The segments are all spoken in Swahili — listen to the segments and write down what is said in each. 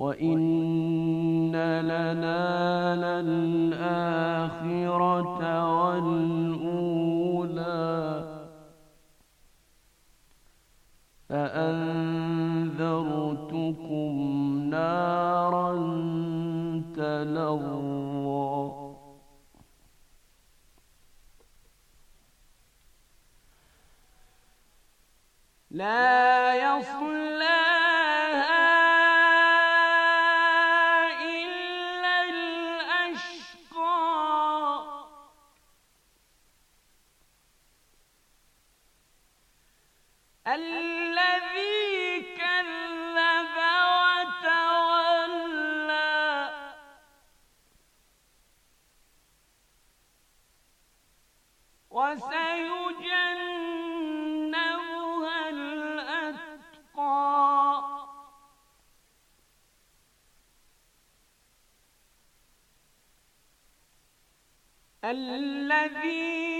وإن لنا للآخرة والأولى فأنذرتكم نارا تلظى لا يصلى alladhi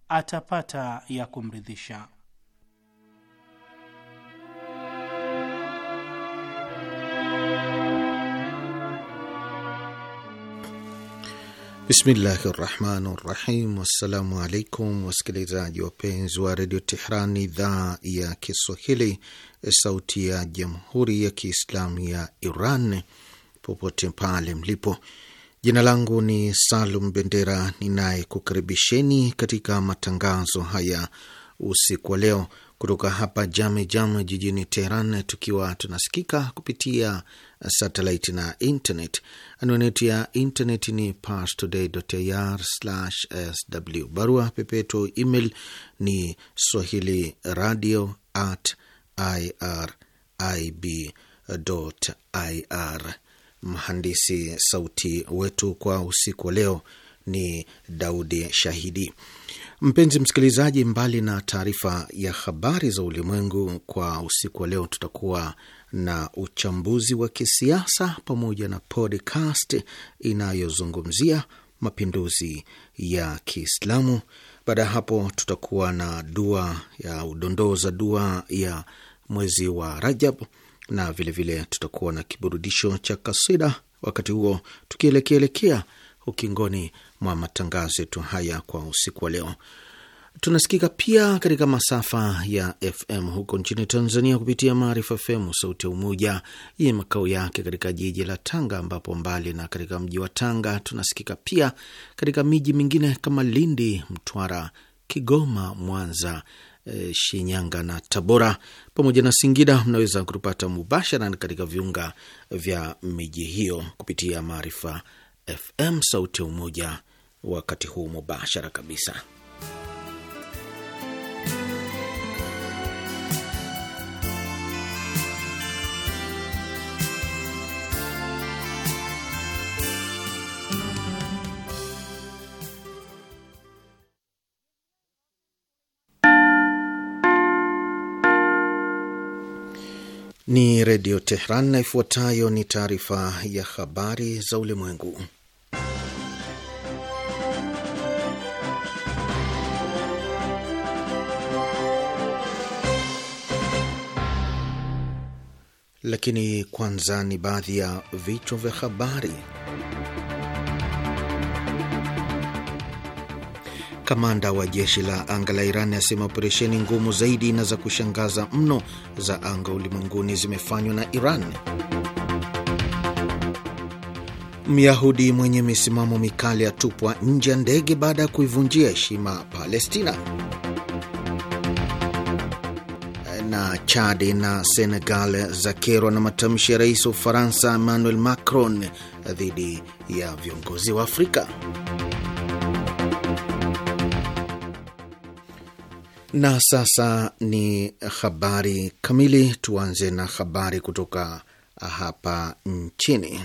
atapata ya kumridhisha. Bismillahi rahmani rahim. Wassalamu alaikum wasikilizaji wapenzi wa redio Tehran, idhaa ya Kiswahili, sauti ya jamhuri ya kiislamu ya Iran, popote pale mlipo. Jina langu ni Salum Bendera ninayekukaribisheni katika matangazo haya usiku wa leo kutoka hapa Jame Jame jijini Teheran, tukiwa tunasikika kupitia satellite na internet. Anwani yetu ya internet ni parstoday.ir/sw, barua pepeto email ni swahili radio at irib ir mhandisi sauti wetu kwa usiku wa leo ni Daudi Shahidi. Mpenzi msikilizaji, mbali na taarifa ya habari za ulimwengu kwa usiku wa leo, tutakuwa na uchambuzi wa kisiasa pamoja na podcast inayozungumzia mapinduzi ya Kiislamu. Baada ya hapo, tutakuwa na dua ya udondoo za dua ya mwezi wa Rajab na vilevile tutakuwa na kiburudisho cha kasida. Wakati huo tukielekeelekea ukingoni mwa matangazo yetu haya kwa usiku wa leo. Tunasikika pia katika masafa ya FM huko nchini Tanzania kupitia Maarifa FM sauti ya Umoja yenye makao yake katika jiji la Tanga, ambapo mbali na katika mji wa Tanga tunasikika pia katika miji mingine kama Lindi, Mtwara, Kigoma, Mwanza E, Shinyanga na Tabora pamoja na Singida. Mnaweza kutupata mubashara katika viunga vya miji hiyo kupitia Maarifa FM, sauti ya Umoja, wakati huu mubashara kabisa. Ni Redio Tehran na ifuatayo ni taarifa ya habari za ulimwengu. Lakini kwanza ni baadhi ya vichwa vya habari. Kamanda wa jeshi la anga la Iran asema operesheni ngumu zaidi na za kushangaza mno za anga ulimwenguni zimefanywa na Iran. Myahudi mwenye misimamo mikali atupwa nje ya ndege baada ya kuivunjia heshima Palestina. Na Chadi na Senegal zakerwa na matamshi ya rais wa Ufaransa Emmanuel Macron dhidi ya viongozi wa Afrika. Na sasa ni habari kamili. Tuanze na habari kutoka hapa nchini.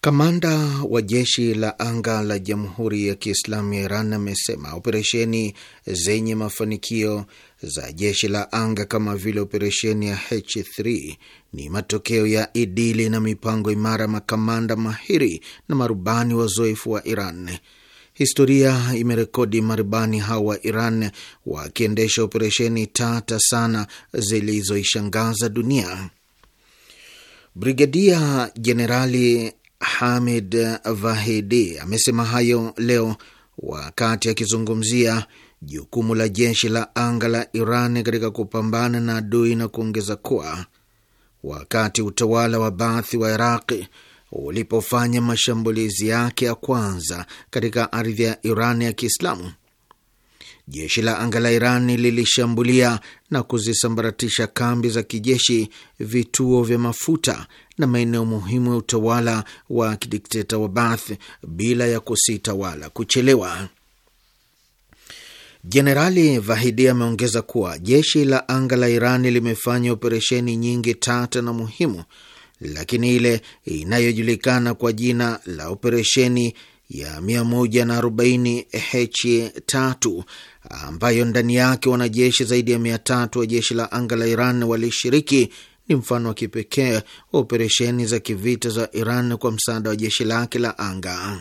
Kamanda wa jeshi la anga la Jamhuri ya Kiislamu ya Iran amesema operesheni zenye mafanikio za jeshi la anga kama vile operesheni ya H3 ni matokeo ya idili na mipango imara, makamanda mahiri na marubani wazoefu wa Iran. Historia imerekodi marubani hao wa Iran wakiendesha operesheni tata sana zilizoishangaza dunia. Brigadia Jenerali Hamid Vahidi amesema hayo leo wakati akizungumzia jukumu la jeshi la anga la Iran katika kupambana na adui na kuongeza kuwa wakati utawala wa Baathi wa Iraqi ulipofanya mashambulizi yake ya kwanza katika ardhi ya Iran ya Kiislamu. Jeshi la anga la Iran lilishambulia na kuzisambaratisha kambi za kijeshi, vituo vya mafuta na maeneo muhimu ya utawala wa kidikteta wa Baath bila ya kusita wala kuchelewa. Jenerali Vahidi ameongeza kuwa jeshi la anga la Iran limefanya operesheni nyingi tata na muhimu lakini ile inayojulikana kwa jina la operesheni ya 140 H3 ambayo ndani yake wanajeshi zaidi ya m3 wa jeshi la anga la Iran walishiriki ni mfano wa kipekee wa operesheni za kivita za Iran kwa msaada wa jeshi lake la anga.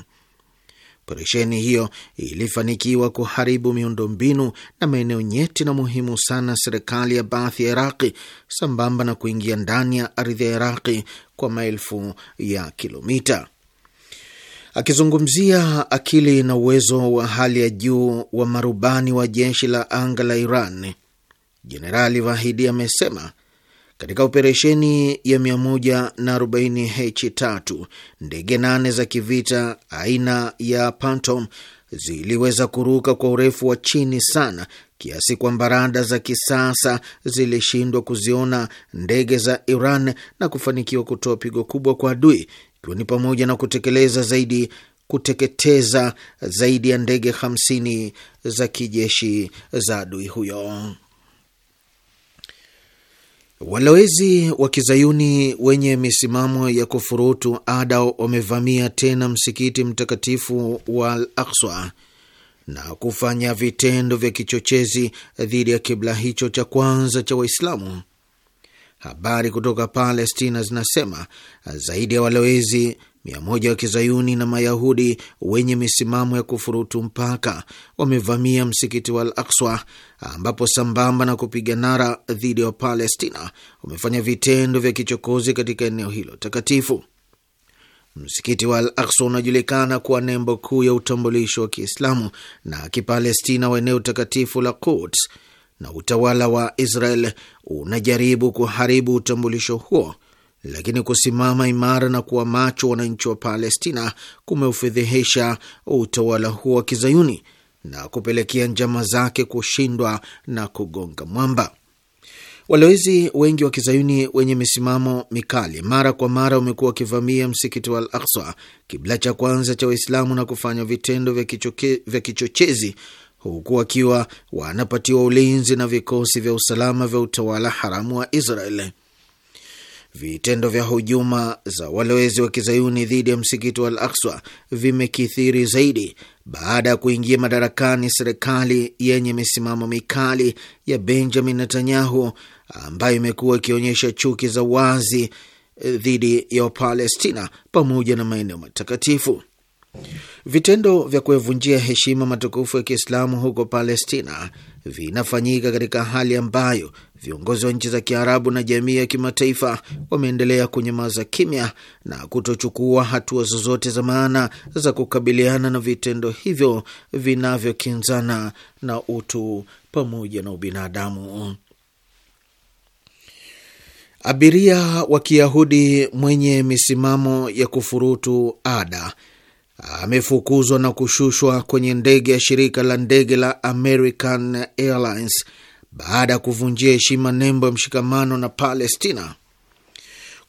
Operesheni hiyo ilifanikiwa kuharibu miundombinu na maeneo nyeti na muhimu sana serikali ya Baath ya Iraqi, sambamba na kuingia ndani ya ardhi ya Iraqi kwa maelfu ya kilomita. Akizungumzia akili na uwezo wa hali ya juu wa marubani wa jeshi la anga la Iran, Jenerali Vahidi amesema katika operesheni ya 140H3 ndege nane za kivita aina ya Phantom ziliweza kuruka kwa urefu wa chini sana kiasi kwamba rada za kisasa zilishindwa kuziona ndege za Iran na kufanikiwa kutoa pigo kubwa kwa adui, ikiwa ni pamoja na kutekeleza zaidi kuteketeza zaidi ya ndege 50 za kijeshi za adui huyo. Walowezi wa kizayuni wenye misimamo ya kufurutu ada wamevamia tena msikiti mtakatifu wa Al Akswa na kufanya vitendo vya kichochezi dhidi ya kibla hicho cha kwanza cha Waislamu. Habari kutoka Palestina zinasema zaidi ya walowezi mia moja wa kizayuni na mayahudi wenye misimamo ya kufurutu mpaka wamevamia msikiti wa Al Akswa, ambapo sambamba na kupiga nara dhidi ya wapalestina wamefanya vitendo vya kichokozi katika eneo hilo takatifu. Msikiti wa Al akswa unajulikana kuwa nembo kuu ya utambulisho wa Kiislamu na Kipalestina wa eneo takatifu la Quds, na utawala wa Israel unajaribu kuharibu utambulisho huo lakini kusimama imara na kuwa macho wananchi wa Palestina kumeufedhehesha utawala huo wa kizayuni na kupelekea njama zake kushindwa na kugonga mwamba. Walowezi wengi wa kizayuni wenye misimamo mikali mara kwa mara wamekuwa wakivamia msikiti wa Al kibla cha kwanza cha Waislamu, na kufanya vitendo vya kichoke, vya kichochezi huku wakiwa wanapatiwa ulinzi na vikosi vya usalama vya utawala haramu wa Israeli. Vitendo vya hujuma za walowezi wa kizayuni dhidi ya msikiti wa Al Akswa vimekithiri zaidi baada ya kuingia madarakani serikali yenye misimamo mikali ya Benjamin Netanyahu, ambayo imekuwa ikionyesha chuki za wazi eh, dhidi ya Wapalestina pamoja na maeneo matakatifu. Vitendo vya kuyavunjia heshima matukufu ya Kiislamu huko Palestina vinafanyika katika hali ambayo viongozi wa nchi za Kiarabu na jamii ya kimataifa wameendelea kunyamaza kimya na kutochukua hatua zozote za maana za kukabiliana na vitendo hivyo vinavyokinzana na utu pamoja na ubinadamu. Abiria wa Kiyahudi mwenye misimamo ya kufurutu ada amefukuzwa na kushushwa kwenye ndege ya shirika la ndege la American Airlines baada ya kuvunjia heshima nembo ya mshikamano na Palestina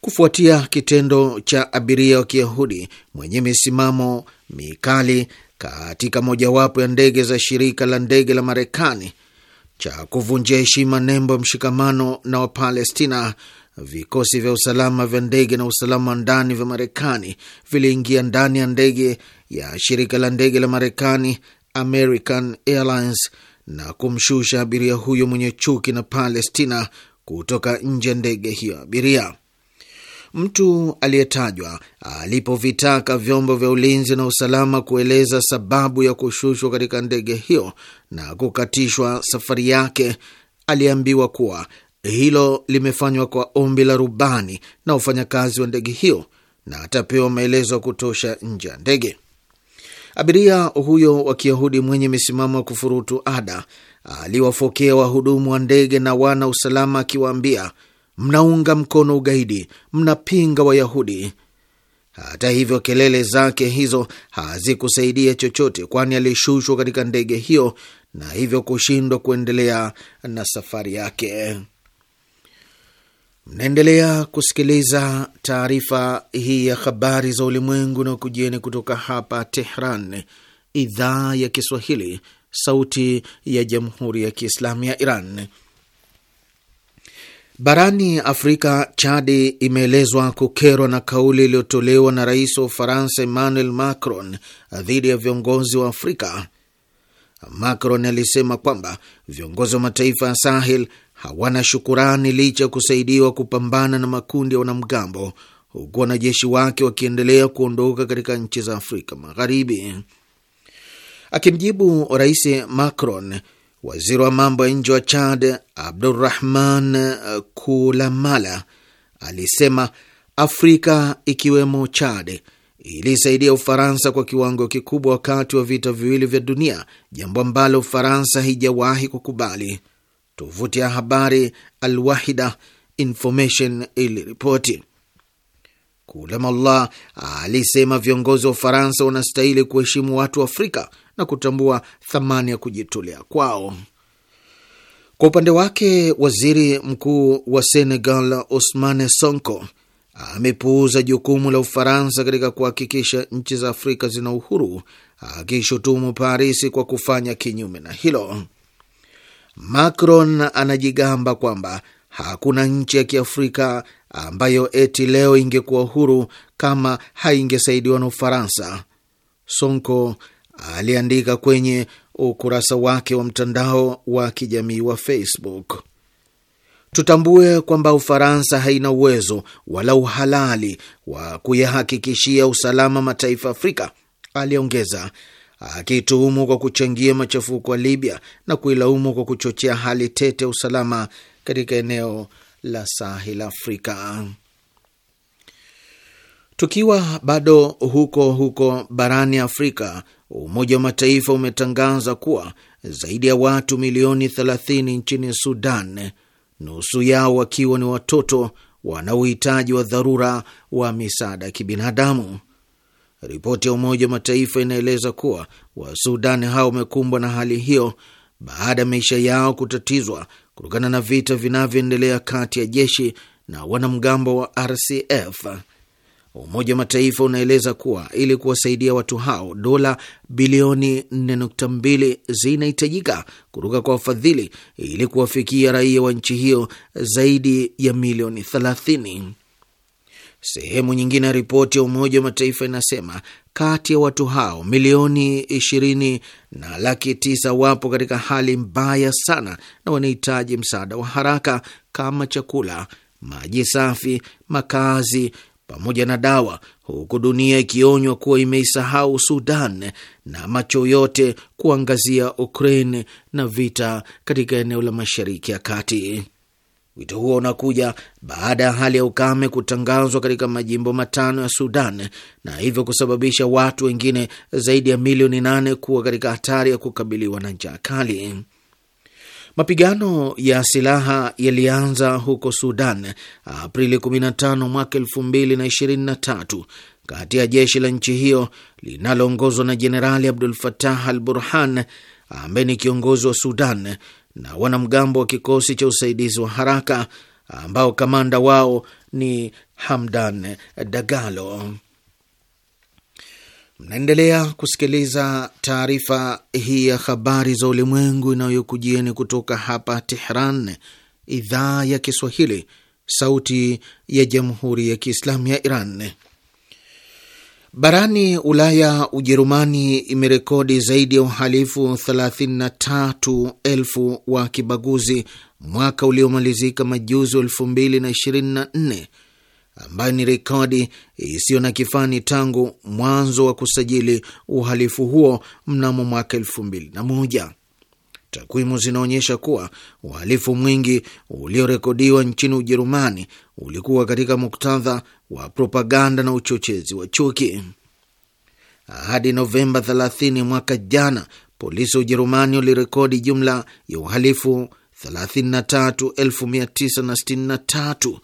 kufuatia kitendo cha abiria wa Kiyahudi mwenye misimamo mikali katika mojawapo ya ndege za shirika la ndege la Marekani cha kuvunjia heshima nembo ya mshikamano na Wapalestina. Vikosi vya usalama vya ndege na usalama wa ndani vya Marekani viliingia ndani ya ndege ya shirika la ndege la Marekani American Airlines na kumshusha abiria huyo mwenye chuki na Palestina kutoka nje ya ndege hiyo abiria. Mtu aliyetajwa alipovitaka vyombo vya ulinzi na usalama kueleza sababu ya kushushwa katika ndege hiyo na kukatishwa safari yake, aliambiwa kuwa hilo limefanywa kwa ombi la rubani na wafanyakazi wa ndege hiyo na atapewa maelezo ya kutosha nje ya ndege. Abiria huyo wa Kiyahudi mwenye misimamo ya kufurutu ada aliwafokea wahudumu wa ndege na wana usalama akiwaambia, mnaunga mkono ugaidi, mnapinga Wayahudi. Hata hivyo, kelele zake hizo hazikusaidia chochote, kwani alishushwa katika ndege hiyo na hivyo kushindwa kuendelea na safari yake. Mnaendelea kusikiliza taarifa hii ya habari za ulimwengu na kujieni kutoka hapa Tehran, idhaa ya Kiswahili, sauti ya jamhuri ya kiislamu ya Iran. Barani Afrika, Chadi imeelezwa kukerwa na kauli iliyotolewa na rais wa Ufaransa Emmanuel Macron dhidi ya viongozi wa Afrika. Macron alisema kwamba viongozi wa mataifa ya Sahel hawana shukurani licha ya kusaidiwa kupambana na makundi ya wanamgambo, huku wanajeshi wake wakiendelea kuondoka katika nchi za Afrika Magharibi. Akimjibu Rais Macron, waziri wa mambo ya nje wa Chad Abdurrahman Kulamala alisema Afrika ikiwemo Chad ilisaidia Ufaransa kwa kiwango kikubwa wakati wa vita viwili vya dunia, jambo ambalo Ufaransa haijawahi kukubali. Tovuti ya habari Alwahida Information iliripoti Kulamallah alisema viongozi wa Ufaransa wanastahili kuheshimu watu wa Afrika na kutambua thamani ya kujitolea kwao. Kwa upande wake, waziri mkuu wa Senegal Ousmane Sonko amepuuza jukumu la Ufaransa katika kuhakikisha nchi za Afrika zina uhuru, akishutumu paris kwa kufanya kinyume na hilo. Macron anajigamba kwamba hakuna nchi ya Kiafrika ambayo eti leo ingekuwa huru kama haingesaidiwa na Ufaransa. Sonko aliandika kwenye ukurasa wake wa mtandao wa kijamii wa Facebook. Tutambue kwamba Ufaransa haina uwezo wala uhalali wa kuyahakikishia usalama mataifa Afrika, aliongeza akituhumu kwa kuchangia machafuko wa Libya na kuilaumu kwa kuchochea hali tete ya usalama katika eneo la Sahel Afrika. Tukiwa bado huko huko barani Afrika, Umoja wa Mataifa umetangaza kuwa zaidi ya watu milioni 30 nchini Sudan, nusu yao wakiwa ni watoto, wana uhitaji wa dharura wa misaada ya kibinadamu. Ripoti ya Umoja wa Mataifa inaeleza kuwa Wasudani hao wamekumbwa na hali hiyo baada ya maisha yao kutatizwa kutokana na vita vinavyoendelea kati ya jeshi na wanamgambo wa RCF. Umoja wa Mataifa unaeleza kuwa ili kuwasaidia watu hao dola bilioni 4.2 zinahitajika kutoka kwa wafadhili ili kuwafikia raia wa nchi hiyo zaidi ya milioni 30. Sehemu nyingine ya ripoti ya Umoja wa Mataifa inasema kati ya watu hao milioni 20 na laki tisa wapo katika hali mbaya sana na wanahitaji msaada wa haraka kama chakula, maji safi, makazi pamoja na dawa, huku dunia ikionywa kuwa imeisahau Sudan na macho yote kuangazia Ukraine na vita katika eneo la Mashariki ya Kati. Wito huo unakuja baada ya hali ya ukame kutangazwa katika majimbo matano ya Sudan na hivyo kusababisha watu wengine zaidi ya milioni nane kuwa katika hatari ya kukabiliwa na njaa kali. Mapigano ya silaha yalianza huko Sudan Aprili 15 mwaka 2023 kati ya jeshi la nchi hiyo linaloongozwa na Jenerali Abdul Fatah al Burhan ambaye ni kiongozi wa Sudan na wanamgambo wa kikosi cha usaidizi wa haraka ambao kamanda wao ni Hamdan Dagalo. Mnaendelea kusikiliza taarifa hii ya habari za ulimwengu inayokujieni kutoka hapa Tehran, idhaa ya Kiswahili, sauti ya jamhuri ya kiislamu ya Iran. Barani Ulaya, Ujerumani imerekodi zaidi ya uhalifu 33,000 wa kibaguzi mwaka uliomalizika majuzi 2024 ambayo ni rekodi isiyo na kifani tangu mwanzo wa kusajili uhalifu huo mnamo mwaka 2001. Takwimu zinaonyesha kuwa uhalifu mwingi uliorekodiwa nchini Ujerumani ulikuwa katika muktadha wa propaganda na uchochezi wa chuki. Hadi Novemba 30 mwaka jana, polisi wa Ujerumani walirekodi jumla ya uhalifu 33963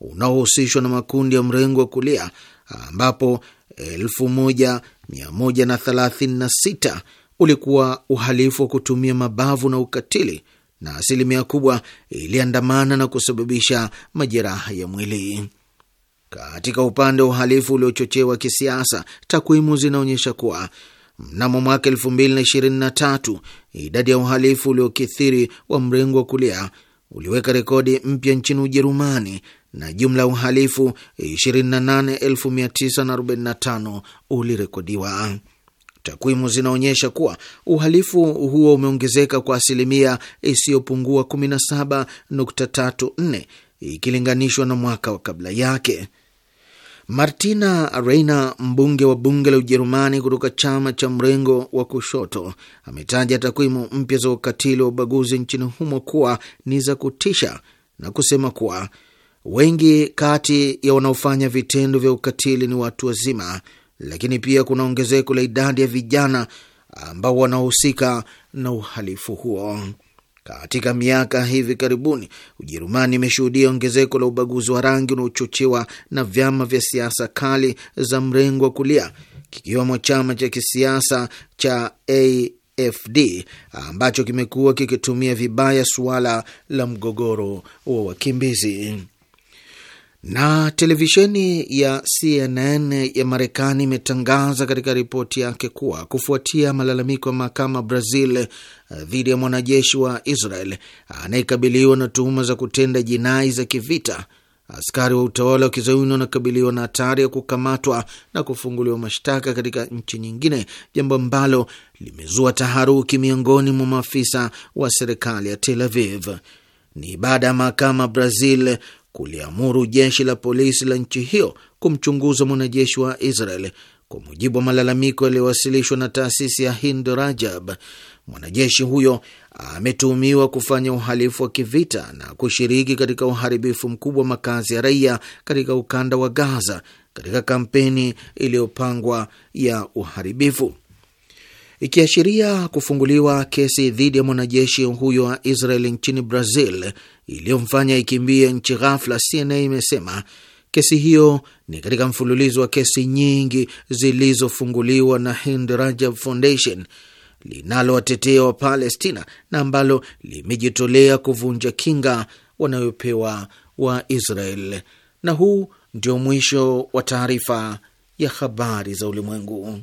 unaohusishwa na makundi ya mrengo wa kulia ambapo 1136 ulikuwa uhalifu wa kutumia mabavu na ukatili, na asilimia kubwa iliandamana na kusababisha majeraha ya mwili. Katika upande wa uhalifu uliochochewa kisiasa, takwimu zinaonyesha kuwa mnamo mwaka tatu idadi ya uhalifu uliokithiri wa mrengo wa kulia uliweka rekodi mpya nchini Ujerumani na jumla ya uhalifu 28945 ulirekodiwa. Takwimu zinaonyesha kuwa uhalifu huo umeongezeka kwa asilimia isiyopungua 17.34 ikilinganishwa na mwaka wa kabla yake. Martina Reina, mbunge wa bunge la Ujerumani kutoka chama cha mrengo wa kushoto, ametaja takwimu mpya za ukatili wa ubaguzi nchini humo kuwa ni za kutisha na kusema kuwa wengi kati ya wanaofanya vitendo vya ukatili ni watu wazima lakini pia kuna ongezeko la idadi ya vijana ambao wanahusika na uhalifu huo. Katika miaka hivi karibuni, Ujerumani imeshuhudia ongezeko la ubaguzi wa rangi unaochochewa na vyama vya siasa kali za mrengo wa kulia, kikiwemo chama cha kisiasa cha AfD ambacho kimekuwa kikitumia vibaya suala la mgogoro wa wakimbizi. Na televisheni ya CNN ya Marekani imetangaza katika ripoti yake kuwa kufuatia malalamiko ya mahakama Brazil eh, dhidi ya mwanajeshi wa Israel anayekabiliwa na tuhuma za kutenda jinai za kivita, askari wa utawala wa kizayuni wanakabiliwa na hatari ya kukamatwa na kufunguliwa mashtaka katika nchi nyingine, jambo ambalo limezua taharuki miongoni mwa maafisa wa serikali ya Tel Aviv. Ni baada ya mahakama Brazil kuliamuru jeshi la polisi la nchi hiyo kumchunguza mwanajeshi wa Israel kwa mujibu wa malalamiko yaliyowasilishwa na taasisi ya Hind Rajab. Mwanajeshi huyo ametuhumiwa kufanya uhalifu wa kivita na kushiriki katika uharibifu mkubwa wa makazi ya raia katika ukanda wa Gaza katika kampeni iliyopangwa ya uharibifu ikiashiria kufunguliwa kesi dhidi ya mwanajeshi huyo wa Israel nchini Brazil iliyomfanya ikimbie nchi ghafla. CNA imesema kesi hiyo ni katika mfululizo wa kesi nyingi zilizofunguliwa na Hind Rajab Foundation linalowatetea wa Palestina na ambalo limejitolea kuvunja kinga wanayopewa wa Israel. Na huu ndio mwisho wa taarifa ya habari za ulimwengu.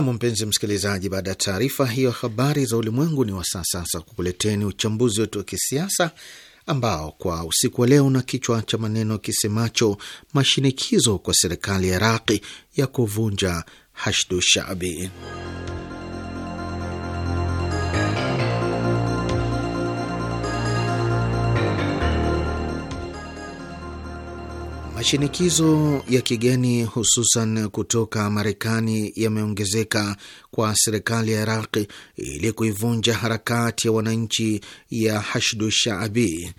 Nam, mpenzi msikilizaji, baada ya taarifa hiyo habari za ulimwengu, ni wasaa sasa kukuleteni uchambuzi wetu wa kisiasa ambao kwa usiku wa leo na kichwa cha maneno kisemacho mashinikizo kwa serikali ya Iraqi ya kuvunja Hashdu Shaabi. Mashinikizo ya kigeni hususan kutoka Marekani yameongezeka kwa serikali ya Iraqi ili kuivunja harakati ya wananchi ya Hashdu Shaabi.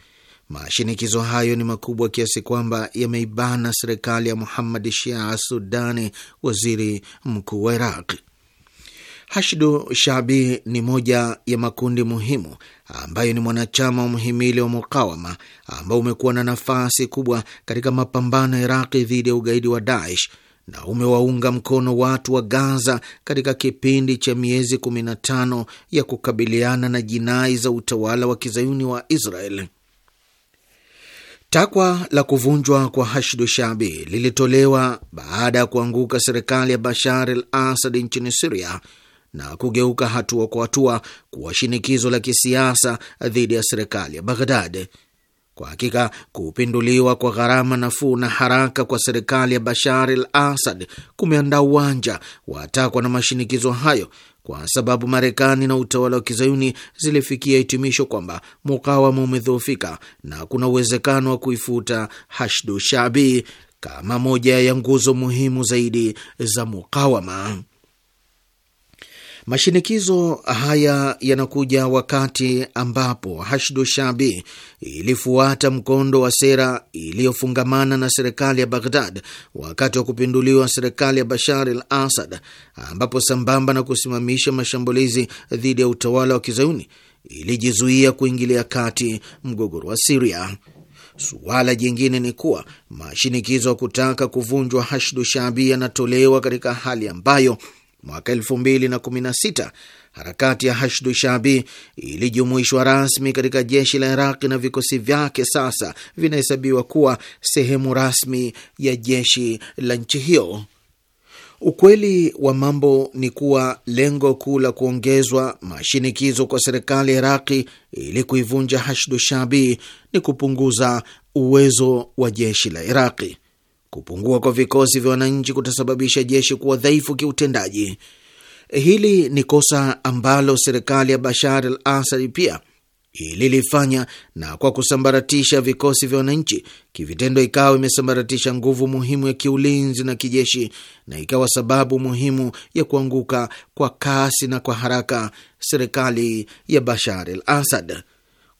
Mashinikizo hayo ni makubwa kiasi kwamba yameibana serikali ya Muhammad Shia Sudani, waziri mkuu wa Iraqi. Hashdu Shabi ni moja ya makundi muhimu ambayo ni mwanachama wa mhimili wa mukawama ambao umekuwa na nafasi kubwa katika mapambano ya Iraqi dhidi ya ugaidi wa Daesh na umewaunga mkono watu wa Gaza katika kipindi cha miezi 15 ya kukabiliana na jinai za utawala wa kizayuni wa Israel. Takwa la kuvunjwa kwa Hashdu Shabi lilitolewa baada ya kuanguka serikali ya Bashar al Asad nchini Siria na kugeuka hatua kwa hatua kuwa shinikizo la kisiasa dhidi ya serikali ya Baghdad. Kwa hakika kupinduliwa kwa gharama nafuu na haraka kwa serikali ya Bashar al Assad kumeandaa uwanja wa takwa na mashinikizo hayo, kwa sababu Marekani na utawala wa kizayuni zilifikia hitimisho kwamba mukawama umedhoofika na kuna uwezekano wa kuifuta Hashdu Shabi kama moja ya nguzo muhimu zaidi za mukawama. Mashinikizo haya yanakuja wakati ambapo Hashdu Shabi ilifuata mkondo wa sera iliyofungamana na serikali ya Baghdad wakati wa kupinduliwa serikali ya Bashar al Asad, ambapo sambamba na kusimamisha mashambulizi dhidi ya utawala wa kizayuni ilijizuia kuingilia kati mgogoro wa Siria. Suala jingine ni kuwa mashinikizo ya kutaka kuvunjwa Hashdu Shabi yanatolewa katika hali ambayo Mwaka 2016 harakati ya Hashdu Shabi ilijumuishwa rasmi katika jeshi la Iraqi na vikosi vyake sasa vinahesabiwa kuwa sehemu rasmi ya jeshi la nchi hiyo. Ukweli wa mambo ni kuwa lengo kuu la kuongezwa mashinikizo kwa serikali ya Iraqi ili kuivunja Hashdu Shabi ni kupunguza uwezo wa jeshi la Iraqi. Kupungua kwa vikosi vya wananchi kutasababisha jeshi kuwa dhaifu kiutendaji. Hili ni kosa ambalo serikali ya Bashar al Asadi pia ililifanya, na kwa kusambaratisha vikosi vya wananchi kivitendo, ikawa imesambaratisha nguvu muhimu ya kiulinzi na kijeshi, na ikawa sababu muhimu ya kuanguka kwa kasi na kwa haraka serikali ya Bashar al Asad.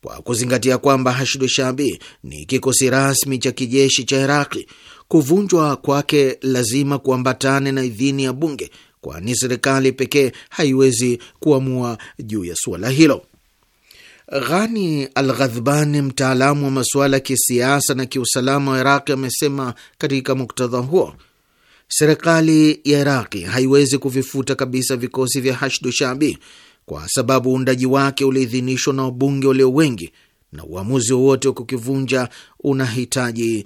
Kwa kuzingatia kwamba Hashdu Shabi ni kikosi rasmi cha kijeshi cha Iraqi kuvunjwa kwake lazima kuambatane na idhini ya bunge, kwani serikali pekee haiwezi kuamua juu ya suala hilo. Ghani Al-Ghadhbani, mtaalamu wa masuala ya kisiasa na kiusalama wa Iraqi, amesema katika muktadha huo, serikali ya Iraqi haiwezi kuvifuta kabisa vikosi vya Hashdu shabi kwa sababu uundaji wake uliidhinishwa na wabunge walio wengi na uamuzi wowote wa kukivunja unahitaji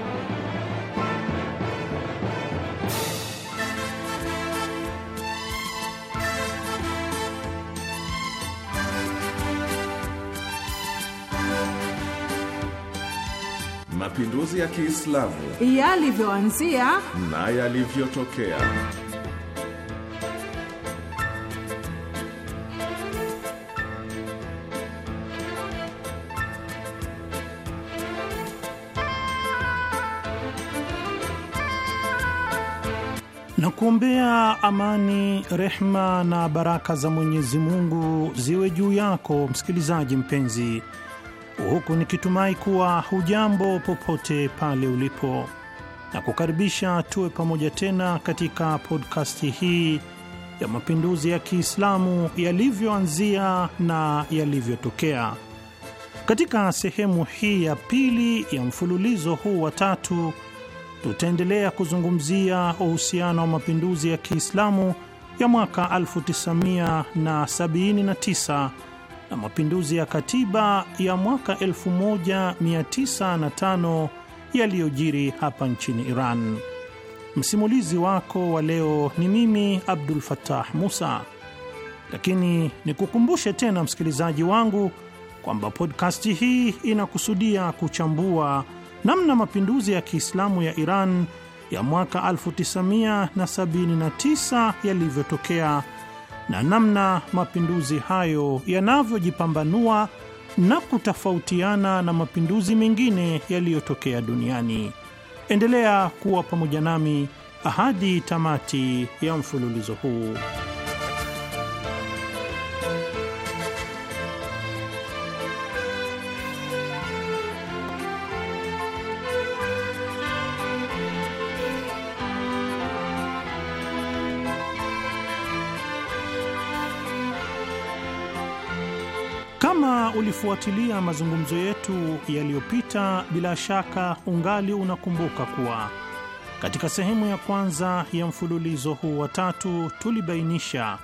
mapinduzi ya Kiislamu yalivyoanzia na yalivyotokea. na kuombea amani, rehma na baraka za Mwenyezi Mungu ziwe juu yako msikilizaji mpenzi huku nikitumai kuwa hujambo popote pale ulipo na kukaribisha tuwe pamoja tena katika podkasti hii ya mapinduzi ya Kiislamu yalivyoanzia na yalivyotokea. Katika sehemu hii ya pili ya mfululizo huu wa tatu, tutaendelea kuzungumzia uhusiano wa mapinduzi ya Kiislamu ya mwaka 1979 na mapinduzi ya katiba ya mwaka 1905 yaliyojiri hapa nchini Iran. Msimulizi wako wa leo ni mimi Abdul Fattah Musa. Lakini nikukumbushe tena msikilizaji wangu kwamba podkasti hii inakusudia kuchambua namna mapinduzi ya Kiislamu ya Iran ya mwaka 1979 yalivyotokea na namna mapinduzi hayo yanavyojipambanua na kutofautiana na mapinduzi mengine yaliyotokea duniani. Endelea kuwa pamoja nami hadi tamati ya mfululizo huu. ulifuatilia mazungumzo yetu yaliyopita, bila shaka ungali unakumbuka kuwa katika sehemu ya kwanza ya mfululizo huu wa tatu tulibainisha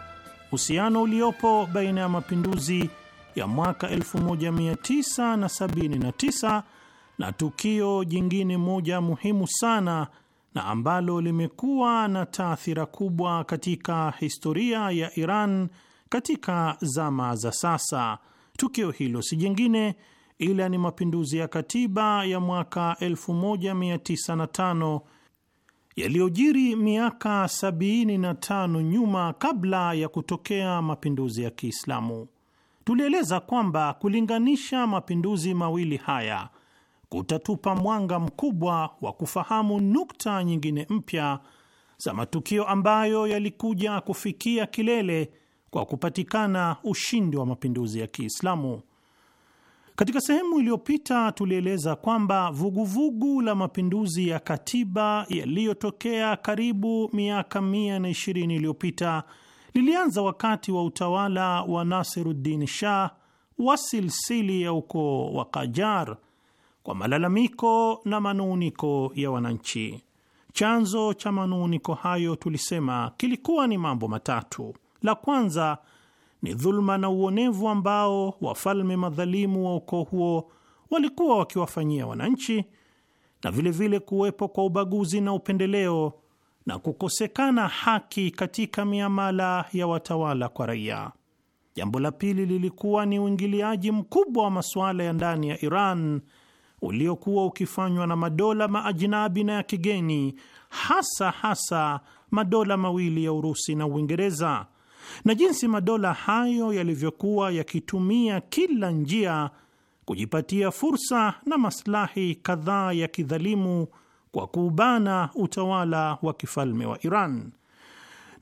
uhusiano uliopo baina ya mapinduzi ya mwaka 1979 na, na tukio jingine moja muhimu sana na ambalo limekuwa na taathira kubwa katika historia ya Iran katika zama za sasa Tukio hilo si jingine ila ni mapinduzi ya katiba ya mwaka 1905 yaliyojiri miaka 75 nyuma kabla ya kutokea mapinduzi ya Kiislamu. Tulieleza kwamba kulinganisha mapinduzi mawili haya kutatupa mwanga mkubwa wa kufahamu nukta nyingine mpya za matukio ambayo yalikuja kufikia kilele kwa kupatikana ushindi wa mapinduzi ya Kiislamu. Katika sehemu iliyopita tulieleza kwamba vuguvugu vugu la mapinduzi ya katiba yaliyotokea karibu miaka mia na ishirini iliyopita lilianza wakati wa utawala wa Nasiruddin Shah wa silsili ya ukoo wa Kajar kwa malalamiko na manuuniko ya wananchi. Chanzo cha manuuniko hayo tulisema kilikuwa ni mambo matatu. La kwanza ni dhuluma na uonevu ambao wafalme madhalimu wa ukoo huo walikuwa wakiwafanyia wananchi, na vilevile vile kuwepo kwa ubaguzi na upendeleo na kukosekana haki katika miamala ya watawala kwa raia. Jambo la pili lilikuwa ni uingiliaji mkubwa wa masuala ya ndani ya Iran uliokuwa ukifanywa na madola maajinabi na ya kigeni, hasa hasa madola mawili ya Urusi na Uingereza na jinsi madola hayo yalivyokuwa yakitumia kila njia kujipatia fursa na maslahi kadhaa ya kidhalimu kwa kuubana utawala wa kifalme wa Iran.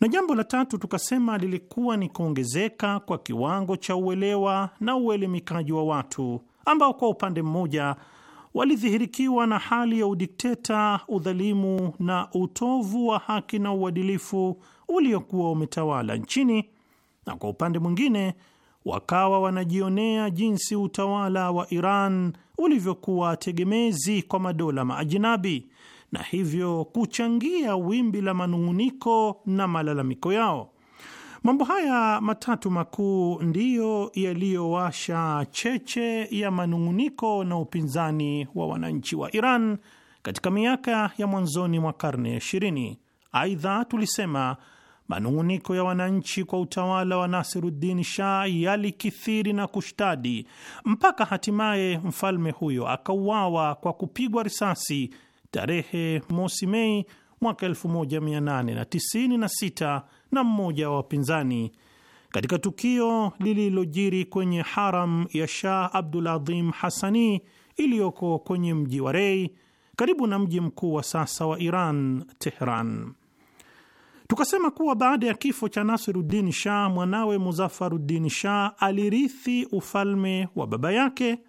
Na jambo la tatu tukasema lilikuwa ni kuongezeka kwa kiwango cha uelewa na uelimikaji wa watu ambao kwa upande mmoja walidhihirikiwa na hali ya udikteta, udhalimu na utovu wa haki na uadilifu uliokuwa umetawala nchini, na kwa upande mwingine wakawa wanajionea jinsi utawala wa Iran ulivyokuwa tegemezi kwa madola maajinabi na hivyo kuchangia wimbi la manung'uniko na malalamiko yao. Mambo haya matatu makuu ndiyo yaliyowasha cheche ya manung'uniko na upinzani wa wananchi wa Iran katika miaka ya mwanzoni mwa karne ya ishirini. Aidha, tulisema manung'uniko ya wananchi kwa utawala wa Nasiruddin Shah yalikithiri na kushtadi mpaka hatimaye mfalme huyo akauawa kwa kupigwa risasi tarehe mosi Mei mwaka 1896 na mmoja wa wapinzani katika tukio lililojiri kwenye haram ya Shah Abdul Adhim Hasani iliyoko kwenye mji wa Rei karibu na mji mkuu wa sasa wa Iran, Tehran. Tukasema kuwa baada ya kifo cha Nasiruddin Shah, mwanawe Muzafaruddin Shah alirithi ufalme wa baba yake,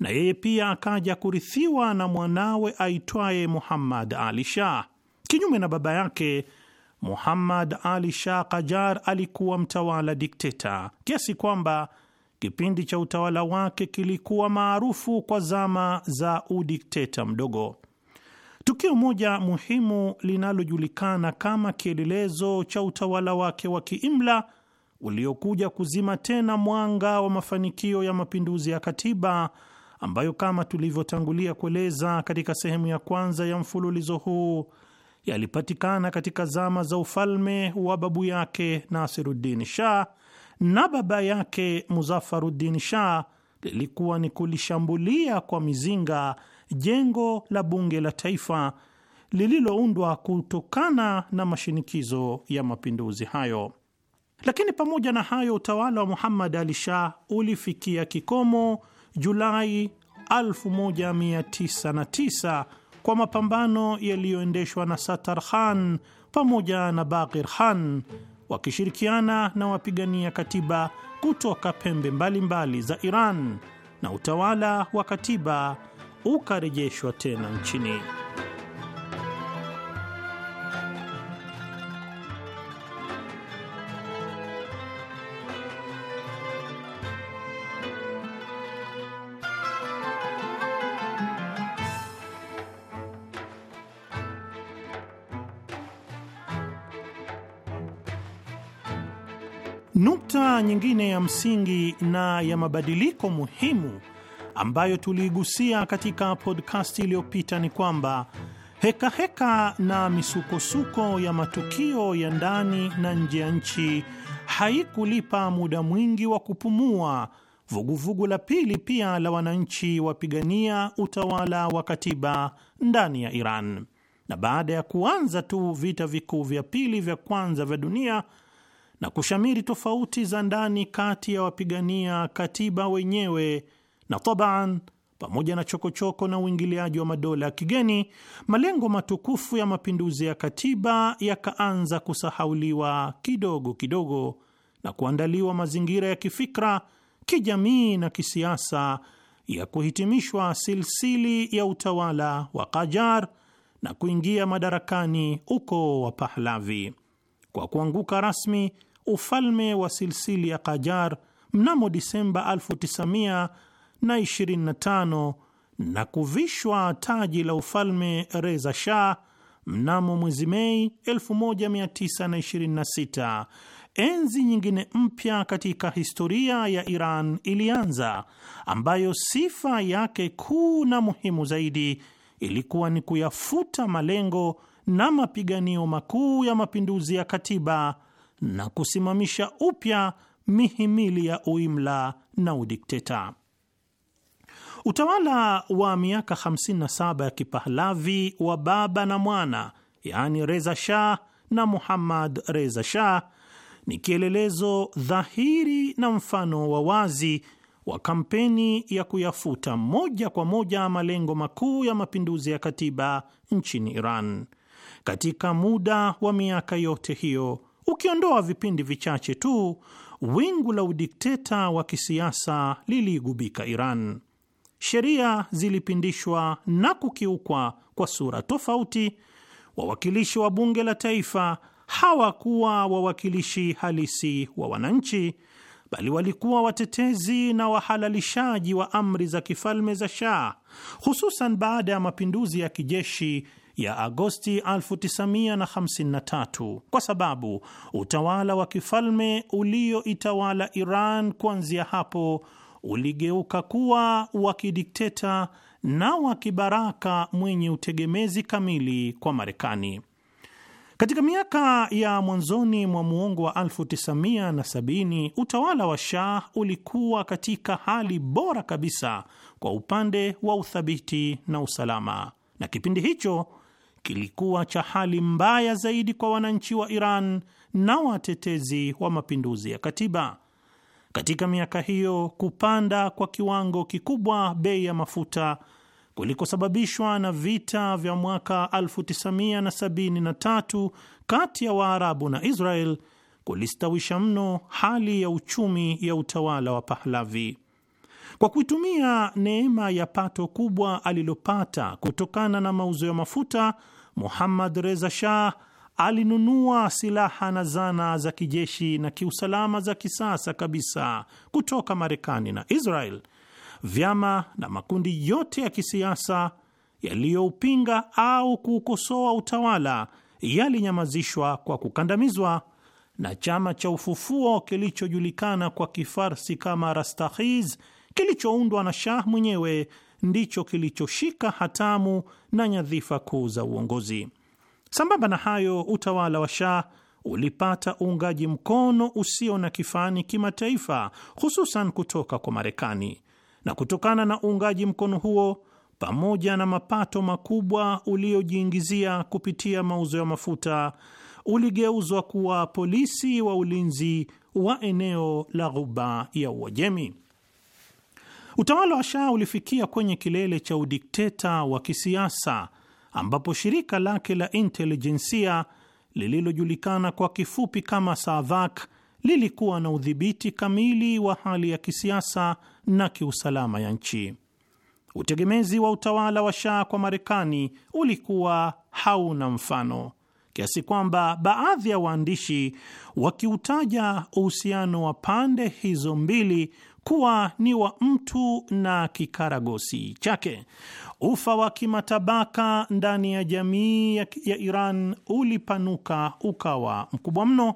na yeye pia akaja kurithiwa na mwanawe aitwaye Muhammad Ali Shah. Kinyume na baba yake, Muhammad Ali Shah kajar alikuwa mtawala dikteta, kiasi kwamba kipindi cha utawala wake kilikuwa maarufu kwa zama za udikteta mdogo. Tukio moja muhimu linalojulikana kama kielelezo cha utawala wake wa kiimla uliokuja kuzima tena mwanga wa mafanikio ya mapinduzi ya katiba ambayo kama tulivyotangulia kueleza katika sehemu ya kwanza ya mfululizo huu yalipatikana katika zama za ufalme wa babu yake Nasiruddin Shah na baba yake Muzaffaruddin Shah lilikuwa ni kulishambulia kwa mizinga jengo la bunge la taifa lililoundwa kutokana na mashinikizo ya mapinduzi hayo. Lakini pamoja na hayo, utawala wa Muhammad Ali Shah ulifikia kikomo Julai 1909 kwa mapambano yaliyoendeshwa na Satar Khan pamoja na bagir Khan wakishirikiana na wapigania katiba kutoka pembe mbalimbali mbali za Iran na utawala wa katiba ukarejeshwa tena nchini. Nukta nyingine ya msingi na ya mabadiliko muhimu ambayo tuliigusia katika podcast iliyopita ni kwamba hekaheka heka na misukosuko ya matukio ya ndani na nje ya nchi haikulipa muda mwingi wa kupumua vuguvugu vugu la pili pia la wananchi wapigania utawala wa katiba ndani ya Iran. Na baada ya kuanza tu vita vikuu vya pili vya kwanza vya dunia na kushamiri tofauti za ndani kati ya wapigania katiba wenyewe na tabaan, pamoja na chokochoko choko na uingiliaji wa madola ya kigeni, malengo matukufu ya mapinduzi ya katiba yakaanza kusahauliwa kidogo kidogo na kuandaliwa mazingira ya kifikra, kijamii na kisiasa ya kuhitimishwa silsili ya utawala wa kajar na kuingia madarakani ukoo wa Pahlavi. Kwa kuanguka rasmi ufalme wa silsili ya kajar mnamo Disemba na 25 na kuvishwa taji la ufalme Reza Shah mnamo mwezi Mei 1926. Enzi nyingine mpya katika historia ya Iran ilianza, ambayo sifa yake kuu na muhimu zaidi ilikuwa ni kuyafuta malengo na mapiganio makuu ya mapinduzi ya katiba na kusimamisha upya mihimili ya uimla na udikteta. Utawala wa miaka 57 ya Kipahlavi wa baba na mwana, yaani Reza Shah na Muhammad Reza Shah, ni kielelezo dhahiri na mfano wa wazi wa kampeni ya kuyafuta moja kwa moja malengo makuu ya mapinduzi ya katiba nchini Iran. Katika muda wa miaka yote hiyo, ukiondoa vipindi vichache tu, wingu la udikteta wa kisiasa liliigubika Iran sheria zilipindishwa na kukiukwa kwa sura tofauti, wawakilishi wa bunge la taifa hawakuwa wawakilishi halisi wa wananchi, bali walikuwa watetezi na wahalalishaji wa amri za kifalme za Shah, hususan baada ya mapinduzi ya kijeshi ya Agosti 1953 kwa sababu utawala wa kifalme ulioitawala Iran kuanzia hapo uligeuka kuwa wa kidikteta na wa kibaraka mwenye utegemezi kamili kwa Marekani. Katika miaka ya mwanzoni mwa muongo wa 1970 utawala wa Shah ulikuwa katika hali bora kabisa kwa upande wa uthabiti na usalama, na kipindi hicho kilikuwa cha hali mbaya zaidi kwa wananchi wa Iran na watetezi wa mapinduzi ya katiba. Katika miaka hiyo kupanda kwa kiwango kikubwa bei ya mafuta kulikosababishwa na vita vya mwaka 1973 kati ya Waarabu na Israel kulistawisha mno hali ya uchumi ya utawala wa Pahlavi. Kwa kuitumia neema ya pato kubwa alilopata kutokana na mauzo ya mafuta, Muhammad Reza Shah alinunua silaha na zana za kijeshi na kiusalama za kisasa kabisa kutoka Marekani na Israel, vyama na makundi yote ya kisiasa yaliyoupinga au kuukosoa utawala yalinyamazishwa kwa kukandamizwa, na chama cha ufufuo kilichojulikana kwa Kifarsi kama Rastakhiz kilichoundwa na Shah mwenyewe ndicho kilichoshika hatamu na nyadhifa kuu za uongozi. Sambamba na hayo, utawala wa Shah ulipata uungaji mkono usio na kifani kimataifa, hususan kutoka kwa Marekani, na kutokana na uungaji mkono huo pamoja na mapato makubwa uliojiingizia kupitia mauzo ya mafuta, uligeuzwa kuwa polisi wa ulinzi wa eneo la Ghuba ya Uajemi. Utawala wa Shah ulifikia kwenye kilele cha udikteta wa kisiasa ambapo shirika lake la intelijensia lililojulikana kwa kifupi kama SAVAK lilikuwa na udhibiti kamili wa hali ya kisiasa na kiusalama ya nchi. Utegemezi wa utawala wa Shah kwa Marekani ulikuwa hauna mfano kiasi kwamba baadhi ya waandishi wakiutaja uhusiano wa pande hizo mbili kuwa ni wa mtu na kikaragosi chake ufa wa kimatabaka ndani ya jamii ya Iran ulipanuka ukawa mkubwa mno,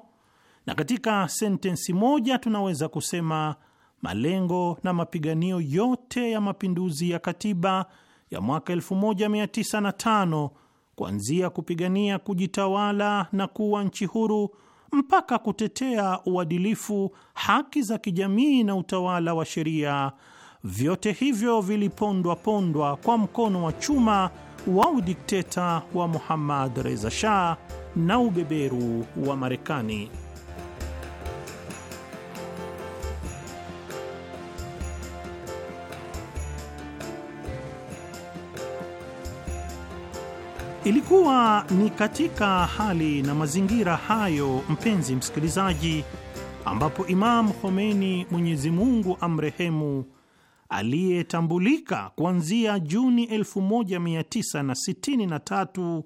na katika sentensi moja tunaweza kusema malengo na mapiganio yote ya mapinduzi ya katiba ya mwaka 1905 kuanzia kupigania kujitawala na kuwa nchi huru mpaka kutetea uadilifu, haki za kijamii na utawala wa sheria Vyote hivyo vilipondwa pondwa kwa mkono wa chuma wa udikteta wa Muhammad Reza Shah na ubeberu wa Marekani. Ilikuwa ni katika hali na mazingira hayo, mpenzi msikilizaji, ambapo Imam Khomeini, Mwenyezi Mungu amrehemu aliyetambulika kuanzia Juni 1963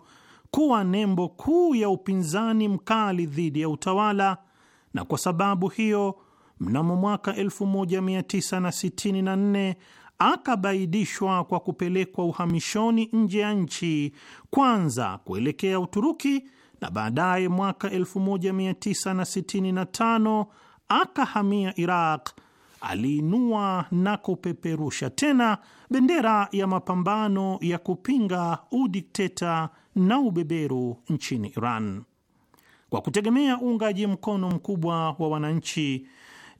kuwa nembo kuu ya upinzani mkali dhidi ya utawala, na kwa sababu hiyo mnamo mwaka 1964 akabaidishwa kwa kupelekwa uhamishoni nje ya nchi, kwanza kuelekea Uturuki na baadaye mwaka 1965 akahamia Iraq aliinua na kupeperusha tena bendera ya mapambano ya kupinga udikteta na ubeberu nchini Iran kwa kutegemea uungaji mkono mkubwa wa wananchi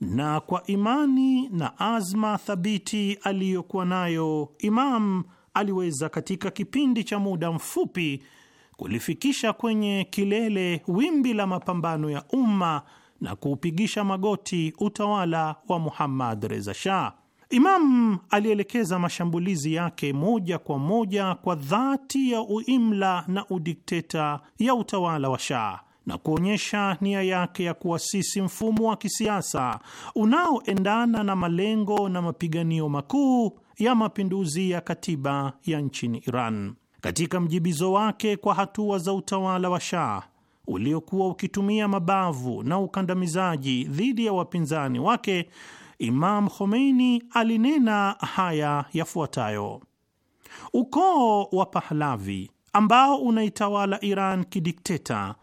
na kwa imani na azma thabiti aliyokuwa nayo, Imam aliweza katika kipindi cha muda mfupi kulifikisha kwenye kilele wimbi la mapambano ya umma na kuupigisha magoti utawala wa Muhammad Reza Shah. Imam alielekeza mashambulizi yake moja kwa moja kwa dhati ya uimla na udikteta ya utawala wa Shah na kuonyesha nia yake ya kuasisi mfumo wa kisiasa unaoendana na malengo na mapiganio makuu ya mapinduzi ya katiba ya nchini Iran. Katika mjibizo wake kwa hatua za utawala wa Shah, uliokuwa ukitumia mabavu na ukandamizaji dhidi ya wapinzani wake, Imam Khomeini alinena haya yafuatayo: ukoo wa Pahlavi ambao unaitawala Iran kidikteta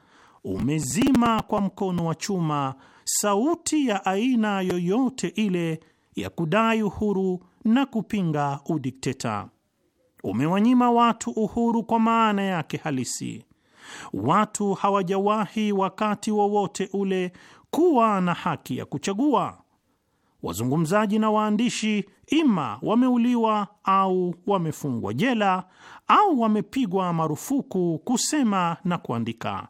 umezima kwa mkono wa chuma sauti ya aina yoyote ile ya kudai uhuru na kupinga udikteta. Umewanyima watu uhuru kwa maana yake halisi Watu hawajawahi wakati wowote ule kuwa na haki ya kuchagua. Wazungumzaji na waandishi ima wameuliwa au wamefungwa jela au wamepigwa marufuku kusema na kuandika.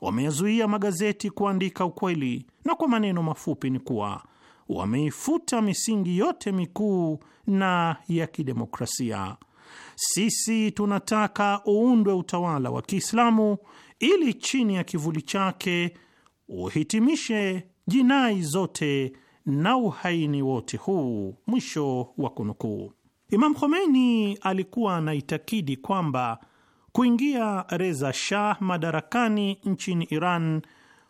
Wameyazuia magazeti kuandika ukweli, na kwa maneno mafupi ni kuwa wameifuta misingi yote mikuu na ya kidemokrasia sisi tunataka uundwe utawala wa Kiislamu ili chini ya kivuli chake uhitimishe jinai zote na uhaini wote huu. Mwisho wa kunukuu. Imam Khomeini alikuwa anaitakidi kwamba kuingia Reza Shah madarakani nchini Iran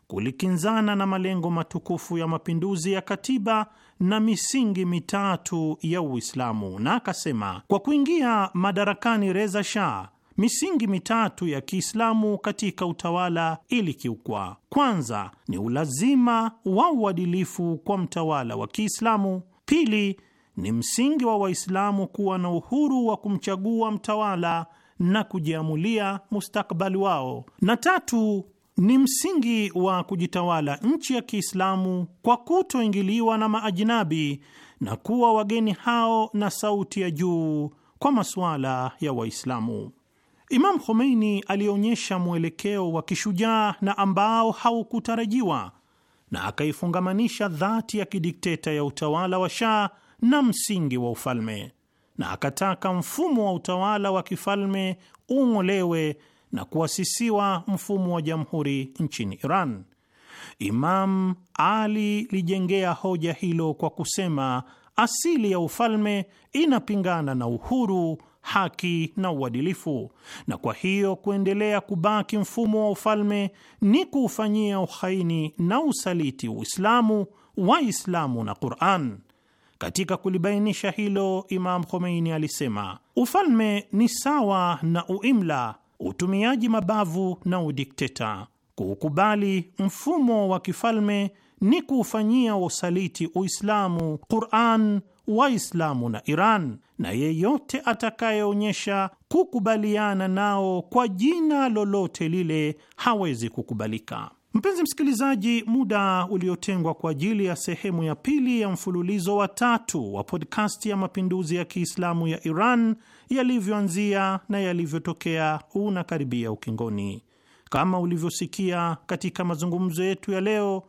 kulikinzana na malengo matukufu ya mapinduzi ya katiba na misingi mitatu ya Uislamu, na akasema kwa kuingia madarakani Reza Shah misingi mitatu ya Kiislamu katika utawala ilikiukwa. Kwanza ni ulazima wa uadilifu kwa mtawala wa Kiislamu. Pili ni msingi wa Waislamu kuwa na uhuru wa kumchagua mtawala na kujiamulia mustakbali wao, na tatu ni msingi wa kujitawala nchi ya Kiislamu kwa kutoingiliwa na maajinabi na kuwa wageni hao na sauti ya juu kwa masuala ya Waislamu. Imam Khomeini alionyesha mwelekeo wa kishujaa na ambao haukutarajiwa na akaifungamanisha dhati ya kidikteta ya utawala wa Shah na msingi wa ufalme, na akataka mfumo wa utawala wa kifalme ung'olewe na kuasisiwa mfumo wa jamhuri nchini Iran. Imam Ali lijengea hoja hilo kwa kusema asili ya ufalme inapingana na uhuru, haki na uadilifu, na kwa hiyo kuendelea kubaki mfumo wa ufalme ni kuufanyia uhaini na usaliti Uislamu, Waislamu na Quran. Katika kulibainisha hilo, Imam Khomeini alisema ufalme ni sawa na uimla utumiaji mabavu na udikteta. Kuukubali mfumo wa kifalme ni kuufanyia usaliti Uislamu, Quran, Waislamu na Iran, na yeyote atakayeonyesha kukubaliana nao kwa jina lolote lile hawezi kukubalika. Mpenzi msikilizaji, muda uliotengwa kwa ajili ya sehemu ya pili ya mfululizo wa tatu wa podkasti ya mapinduzi ya Kiislamu ya Iran yalivyoanzia na yalivyotokea unakaribia ukingoni. Kama ulivyosikia katika mazungumzo yetu ya leo,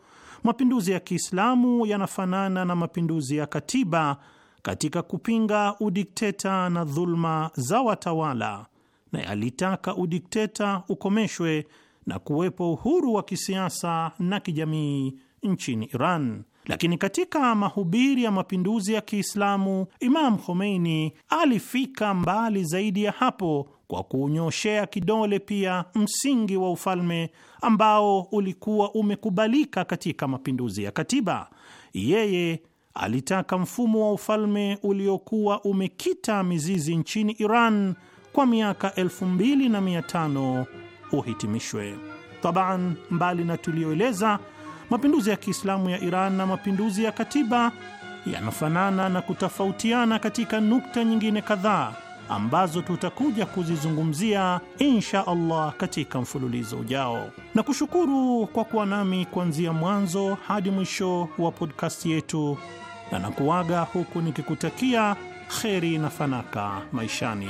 mapinduzi ya Kiislamu yanafanana na mapinduzi ya katiba katika kupinga udikteta na dhuluma za watawala, na yalitaka udikteta ukomeshwe na kuwepo uhuru wa kisiasa na kijamii nchini Iran. Lakini katika mahubiri ya mapinduzi ya Kiislamu, Imam Khomeini alifika mbali zaidi ya hapo kwa kuunyoshea kidole pia msingi wa ufalme ambao ulikuwa umekubalika katika mapinduzi ya katiba. Yeye alitaka mfumo wa ufalme uliokuwa umekita mizizi nchini Iran kwa miaka 25 uhitimishwe. Taban, mbali na tuliyoeleza Mapinduzi ya Kiislamu ya Iran na mapinduzi ya katiba yanafanana na kutofautiana katika nukta nyingine kadhaa ambazo tutakuja kuzizungumzia insha Allah katika mfululizo ujao. Na kushukuru kwa kuwa nami kuanzia mwanzo hadi mwisho wa podkasti yetu, na nakuaga huku nikikutakia kheri na fanaka maishani.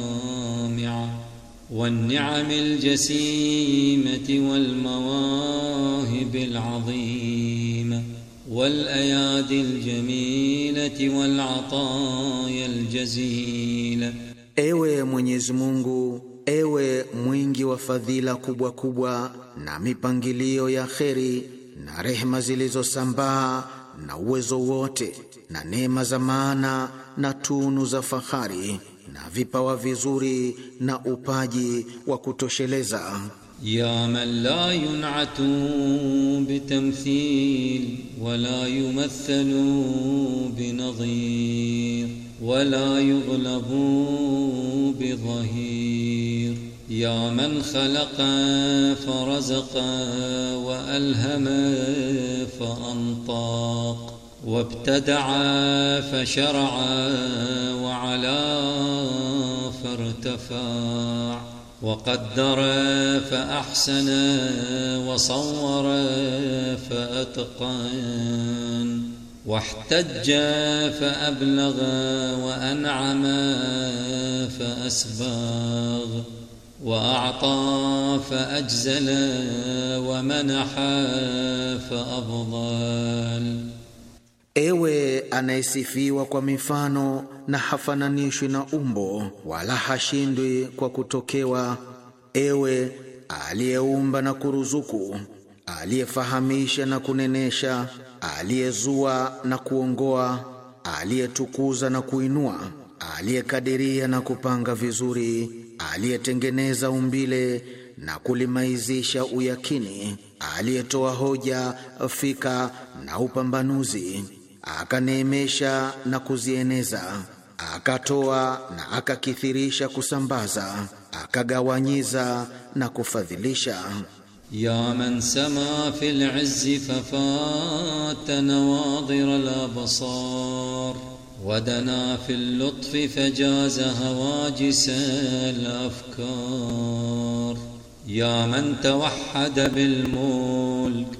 والنعم الجسيمة والمواهب العظيمة والأيادي الجميلة والعطايا الجزيلة Ewe Mwenyezi Mungu, ewe mwingi wa fadhila kubwa kubwa na mipangilio ya kheri na rehema zilizosambaa na uwezo wote na neema za maana na tunu za fahari na vipawa vizuri na upaji wa kutosheleza. ya man la yun'atu bitamthil wala yumathalu binadhir wala yughlabu bidhahir ya man khalaqa farazaqa wa alhama faantaq وابتدعا فشرعا وعلا فارتفع وقدر فأحسن وصور فأتقن واحتج فأبلغ وأنعم فأسباغ وأعطى فأجزل ومنح فأفضل Ewe anayesifiwa kwa mifano na hafananishwi na umbo wala hashindwi kwa kutokewa, ewe aliyeumba na kuruzuku, aliyefahamisha na kunenesha, aliyezua na kuongoa, aliyetukuza na kuinua, aliyekadiria na kupanga vizuri, aliyetengeneza umbile na kulimaizisha uyakini, aliyetoa hoja, fika na upambanuzi akaneemesha na kuzieneza, akatoa na akakithirisha kusambaza, akagawanyiza na kufadhilisha. ya man sama fi lizzi fafata nawadira labasar ودنا في اللطف فجاز هواجس الافكار يا من توحد بالملك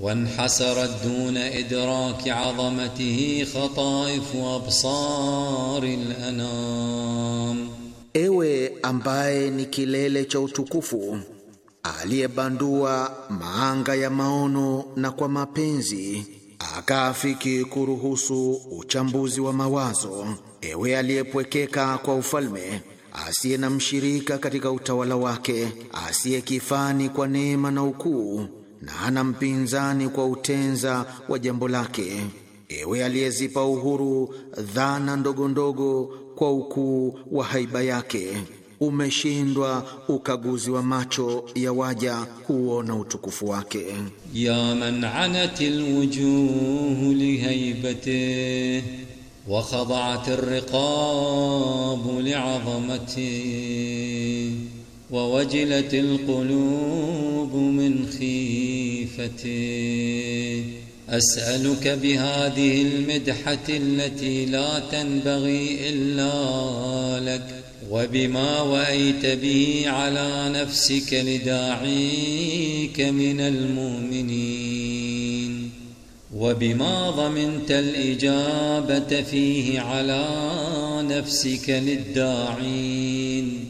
وانحسرت دون إدراك عظمته خطائف أبصار الأنام Ewe ambaye ni kilele cha utukufu aliyebandua maanga ya maono na kwa mapenzi akaafiki kuruhusu uchambuzi wa mawazo. Ewe aliyepwekeka kwa ufalme, asiye na mshirika katika utawala wake, asiye kifani kwa neema na ukuu na hana mpinzani kwa utenza wa jambo lake. Ewe aliyezipa uhuru dhana ndogo ndogo kwa ukuu wa haiba yake, umeshindwa ukaguzi wa macho ya waja kuona utukufu wake. ya man anat alwujuh wa khada'at alriqab liazamati ووجلت القلوب من خيفته أسألك بهذه المدحة التي لا تنبغي إلا لك وبما وأيت به على نفسك لداعيك من المؤمنين وبما ضمنت الإجابة فيه على نفسك للداعين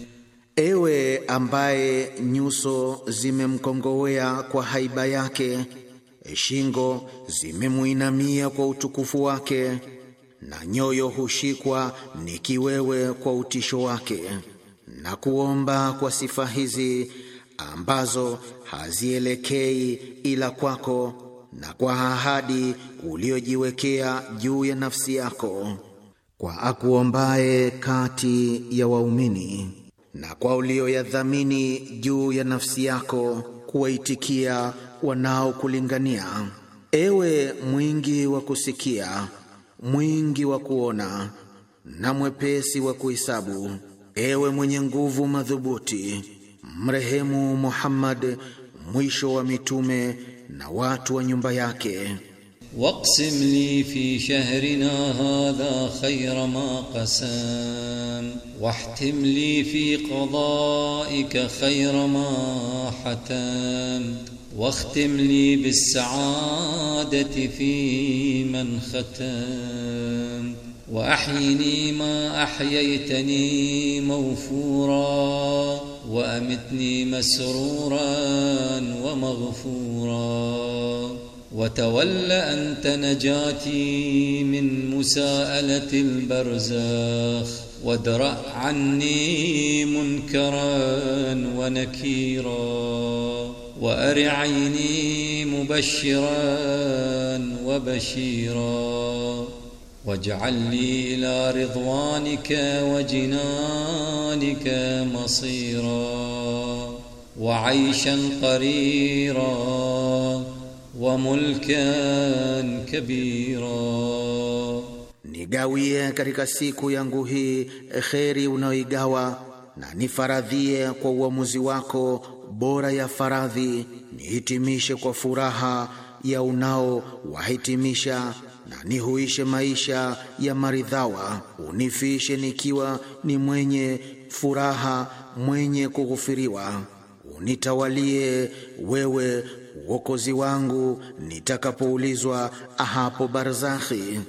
Ewe ambaye nyuso zimemkongowea kwa haiba yake, shingo zimemuinamia kwa utukufu wake, na nyoyo hushikwa ni kiwewe kwa utisho wake, na kuomba kwa sifa hizi ambazo hazielekei ila kwako na kwa ahadi uliojiwekea juu ya nafsi yako, kwa akuombaye kati ya waumini na kwa ulioyadhamini juu ya nafsi yako kuwaitikia wanaokulingania. Ewe mwingi wa kusikia, mwingi wa kuona na mwepesi wa kuhesabu, ewe mwenye nguvu madhubuti, mrehemu Muhammad, mwisho wa mitume na watu wa nyumba yake. واقسم لي في شهرنا هذا خير ما قسام واحتم لي في قضائك خير ما حتام واختم لي بالسعادة في من ختم وأحيني ما أحييتني موفورا وأمتني مسرورا ومغفورا وتول أنت نجاتي من مساءلة البرزاخ وادرأ عني منكرا ونكيرا وارعيني عيني مبشرا وبشيرا واجعل لي إلى رضوانك وجنانك مصيرا وعيشا قريرا wamulkan kabira, nigawie katika siku yangu hii e kheri unayoigawa, na nifaradhie kwa uamuzi wako bora ya faradhi, nihitimishe kwa furaha ya unaowahitimisha na nihuishe maisha ya maridhawa, unifishe nikiwa ni mwenye furaha, mwenye kughufiriwa, unitawalie wewe wokozi wangu nitakapoulizwa hapo barzakhi,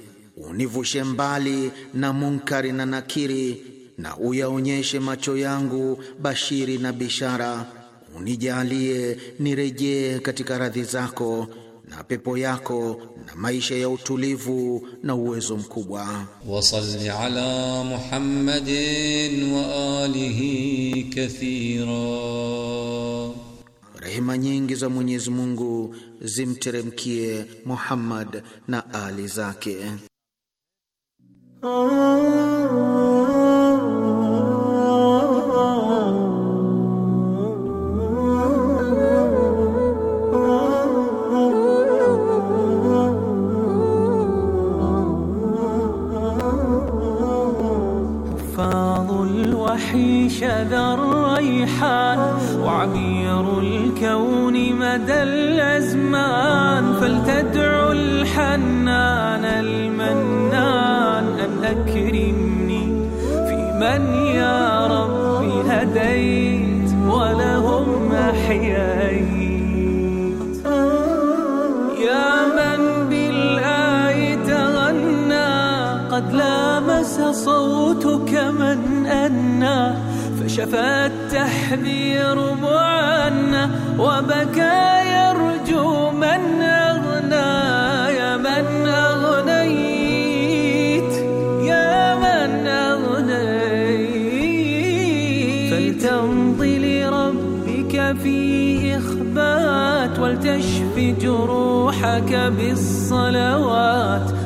univushe mbali na munkari na nakiri, na uyaonyeshe macho yangu bashiri na bishara, unijalie nirejee katika radhi zako na pepo yako na maisha ya utulivu na uwezo mkubwa. Wasalli ala Muhammadin wa alihi kathira Rehema nyingi za Mwenyezi Mungu zimteremkie Muhammad na ali zake.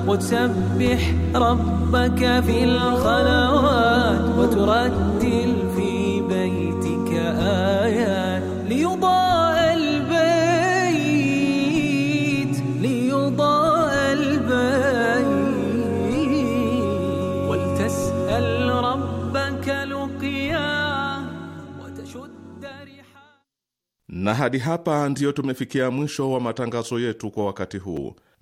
وتسبح ربك في الخلوات وترتل في بيتك آيات ليضاء البيت ليضاء البيت ولتسأل ربك لقياه وتشد ريحا Na hadi hapa ndiyo tumefikia mwisho wa matangazo yetu kwa wakati huu.